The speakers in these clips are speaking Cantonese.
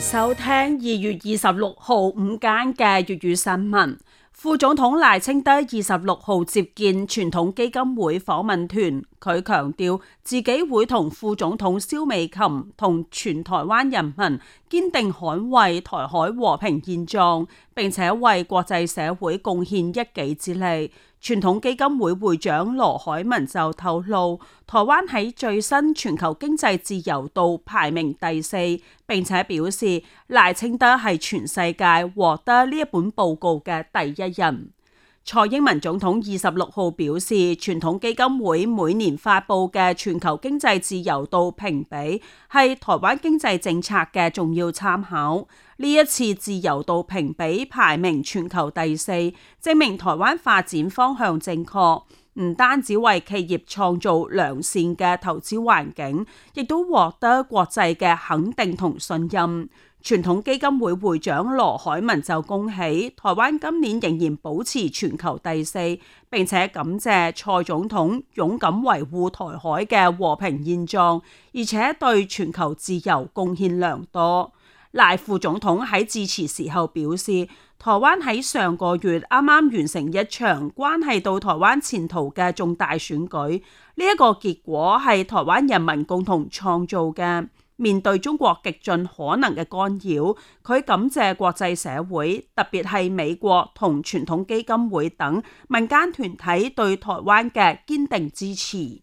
收聽二月二十六號午間嘅粵語新聞。副總統賴清德二十六號接見傳統基金會訪問團，佢強調自己會同副總統蕭美琴同全台灣人民堅定捍衛台海和平現狀，並且為國際社會貢獻一己之力。傳統基金會會長羅海文就透露，台灣喺最新全球經濟自由度排名第四，並且表示賴清德係全世界獲得呢一本報告嘅第一人。蔡英文總統二十六號表示，傳統基金會每年發布嘅全球經濟自由度評比係台灣經濟政策嘅重要參考。呢一次自由度評比排名全球第四，證明台灣發展方向正確。唔單止為企業創造良善嘅投資環境，亦都獲得國際嘅肯定同信任。傳統基金會會長羅凱文就恭喜台灣今年仍然保持全球第四，並且感謝蔡總統勇敢維護台海嘅和平現狀，而且對全球自由貢獻良多。賴副總統喺致辭時候表示。台灣喺上個月啱啱完成一場關係到台灣前途嘅重大選舉，呢一個結果係台灣人民共同創造嘅。面對中國極盡可能嘅干擾，佢感謝國際社會，特別係美國同傳統基金會等民間團體對台灣嘅堅定支持。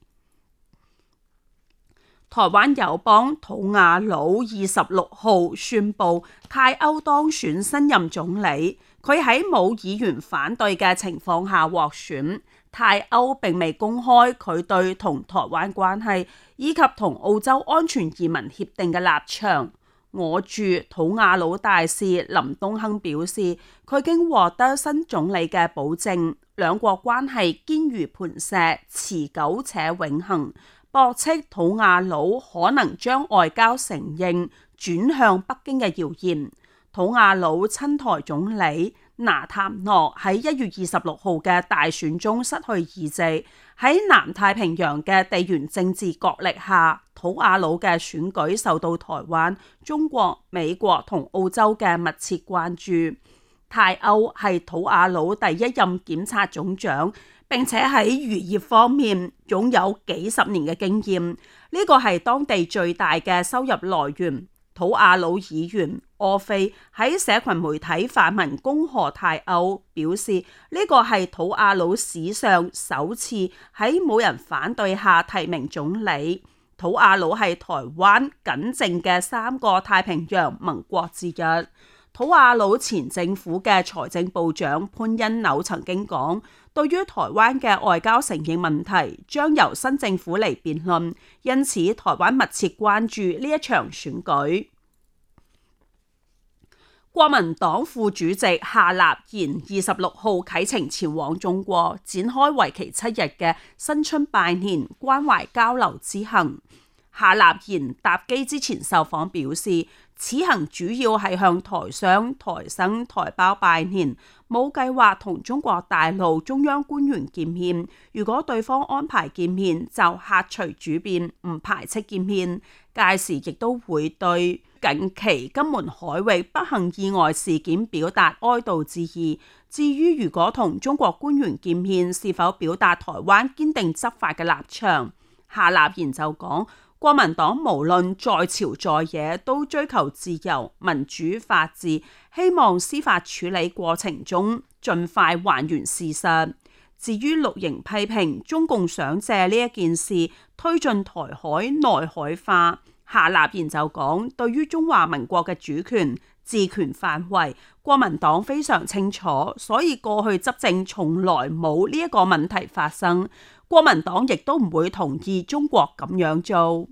台灣友邦吐瓦魯二十六號宣布，泰歐當選新任總理。佢喺冇議員反對嘅情況下獲選。泰歐並未公開佢對同台灣關係以及同澳洲安全移民協定嘅立場。我駐吐瓦魯大使林東亨表示，佢經獲得新總理嘅保證，兩國關係堅如磐石，持久且永恆。駁斥吐瓦魯可能將外交承認轉向北京嘅謠言。吐瓦魯親台總理納塔諾喺一月二十六號嘅大選中失去議席。喺南太平洋嘅地緣政治角力下，吐瓦魯嘅選舉受到台灣、中國、美國同澳洲嘅密切關注。泰歐係吐瓦魯第一任檢察總長。並且喺漁業方面擁有幾十年嘅經驗，呢個係當地最大嘅收入來源。吐瓦魯議員阿費喺社群媒體發文恭賀泰歐，表示呢個係吐瓦魯史上首次喺冇人反對下提名總理。吐瓦魯係台灣僅剩嘅三個太平洋盟國之一。吐瓦魯前政府嘅財政部長潘恩紐曾經講。對於台灣嘅外交承認問題，將由新政府嚟辯論，因此台灣密切關注呢一場選舉。國民黨副主席夏立言二十六號啟程前往中國，展開為期七日嘅新春拜年關懷交流之行。夏立言搭機之前受訪表示，此行主要係向台商、台省、台胞拜年，冇計劃同中國大陸中央官員見面。如果對方安排見面，就客隨主便，唔排斥見面。屆時亦都會對近期金門海域不幸意外事件表達哀悼之意。至於如果同中國官員見面，是否表達台灣堅定執法嘅立場？夏立言就講。國民黨無論在朝在野，都追求自由、民主、法治，希望司法處理過程中盡快還原事實。至於綠營批評中共想借呢一件事推進台海內海化，夏立言就講：對於中華民國嘅主權、治權範圍，國民黨非常清楚，所以過去執政從來冇呢一個問題發生。國民黨亦都唔會同意中國咁樣做。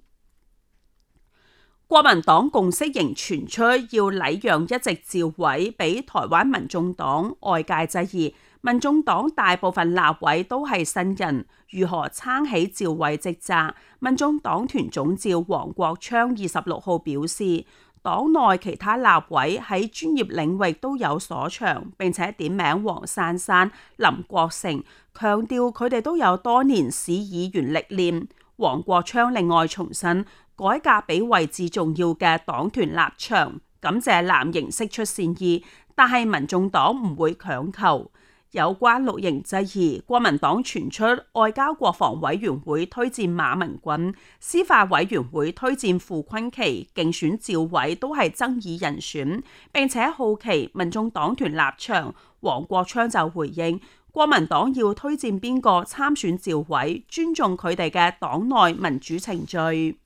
國民黨共識仍傳出要禮讓一席召委，俾台灣民眾黨。外界質疑民眾黨大部分立委都係新人，如何撐起召委職責？民眾黨團總召黃國昌二十六號表示。黨內其他立委喺專業領域都有所長，並且點名黃珊珊、林國成，強調佢哋都有多年市議員歷練。黃國昌另外重申，改革比位置重要嘅黨團立場。感謝藍營釋出善意，但係民眾黨唔會強求。有關綠營質疑，國民黨傳出外交國防委員會推薦馬文君，司法委員會推薦傅崐萁，競選召委都係爭議人選，並且好奇民眾黨團立場。黃國昌就回應：國民黨要推薦邊個參選召委，尊重佢哋嘅黨內民主程序。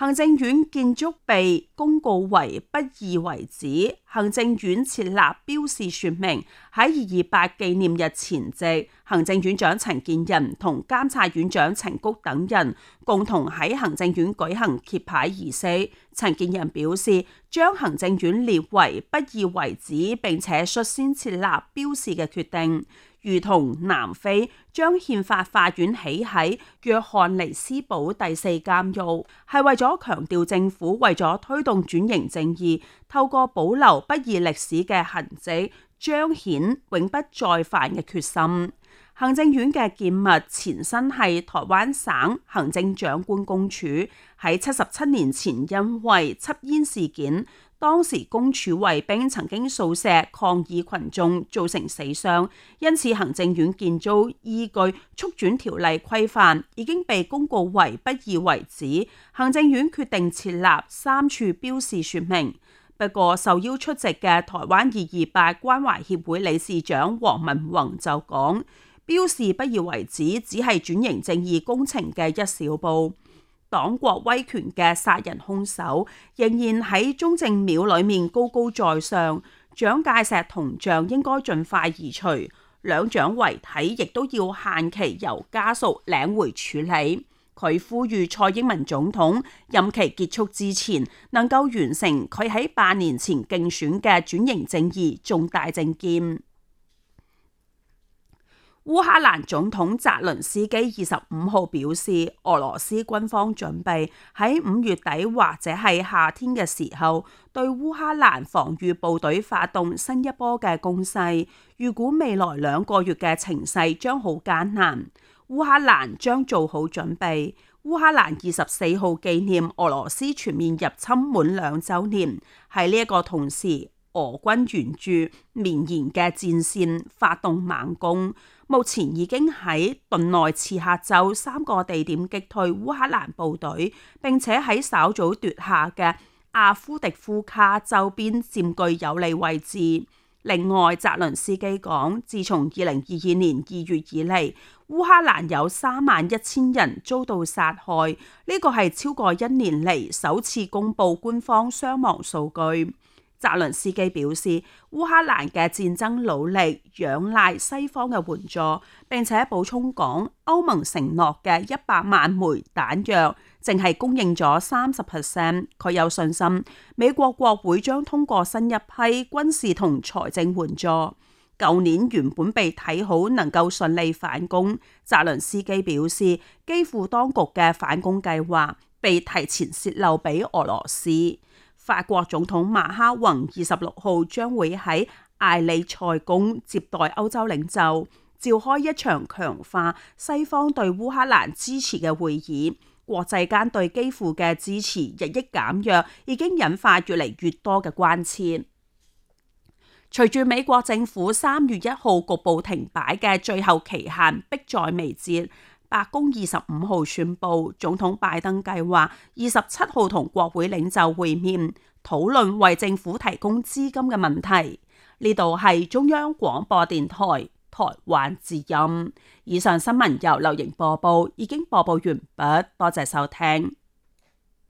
行政院建築被公告為不義遺址，行政院設立標示説明，喺二二八紀念日前夕，行政院長陳建仁同監察院長陳菊等人共同喺行政院舉行揭牌儀式。陳建仁表示，將行政院列為不義遺址並且率先設立標示嘅決定。如同南非將憲法法院起喺約翰尼斯堡第四監獄，係為咗強調政府為咗推動轉型正義，透過保留不義歷史嘅痕跡，彰顯永不再犯嘅決心。行政院嘅建物前身係台灣省行政長官公署，喺七十七年前因為緝煙事件。當時公署衛兵曾經掃射抗議群眾，造成死傷，因此行政院建造依據促轉條例規範，已經被公告為不義遺址。行政院決定設立三處標示說明。不過受邀出席嘅台灣二二八關懷協會理事長王文宏就講，標示不義遺址只係轉型正義工程嘅一小步。黨國威權嘅殺人兇手仍然喺中正廟裏面高高在上，蔣介石銅像應該盡快移除，兩蔣遺體亦都要限期由家屬領回處理。佢呼籲蔡英文總統任期結束之前，能夠完成佢喺八年前競選嘅轉型正義重大政見。烏克蘭總統澤倫斯基二十五號表示，俄羅斯軍方準備喺五月底或者係夏天嘅時候對烏克蘭防御部隊發動新一波嘅攻勢。預估未來兩個月嘅情勢將好艱難，烏克蘭將做好準備。烏克蘭二十四號紀念俄羅斯全面入侵滿兩周年，喺呢一個同時，俄軍沿著綿延嘅戰線發動猛攻。目前已經喺頓內茨克州三個地點擊退烏克蘭部隊，並且喺稍早奪下嘅阿夫迪夫卡周邊佔據有利位置。另外，澤倫斯基講，自從二零二二年二月以嚟，烏克蘭有三萬一千人遭到殺害，呢個係超過一年嚟首次公佈官方傷亡數據。澤倫斯基表示，烏克蘭嘅戰爭努力仰賴西方嘅援助，並且補充講，歐盟承諾嘅一百萬枚彈藥，淨係供應咗三十 percent。佢有信心，美國國會將通過新一批軍事同財政援助。舊年原本被睇好能夠順利反攻，澤倫斯基表示，基輔當局嘅反攻計劃被提前泄露俾俄羅斯。法國總統馬克宏二十六號將會喺艾里塞宮接待歐洲領袖，召開一場強化西方對烏克蘭支持嘅會議。國際間對基輔嘅支持日益減弱，已經引發越嚟越多嘅關切。隨住美國政府三月一號局部停擺嘅最後期限迫在眉睫。白宮二十五號宣布，總統拜登計劃二十七號同國會領袖會面，討論為政府提供資金嘅問題。呢度係中央廣播電台台灣之音。以上新聞由流瑩播報，已經播報完畢，多謝收聽。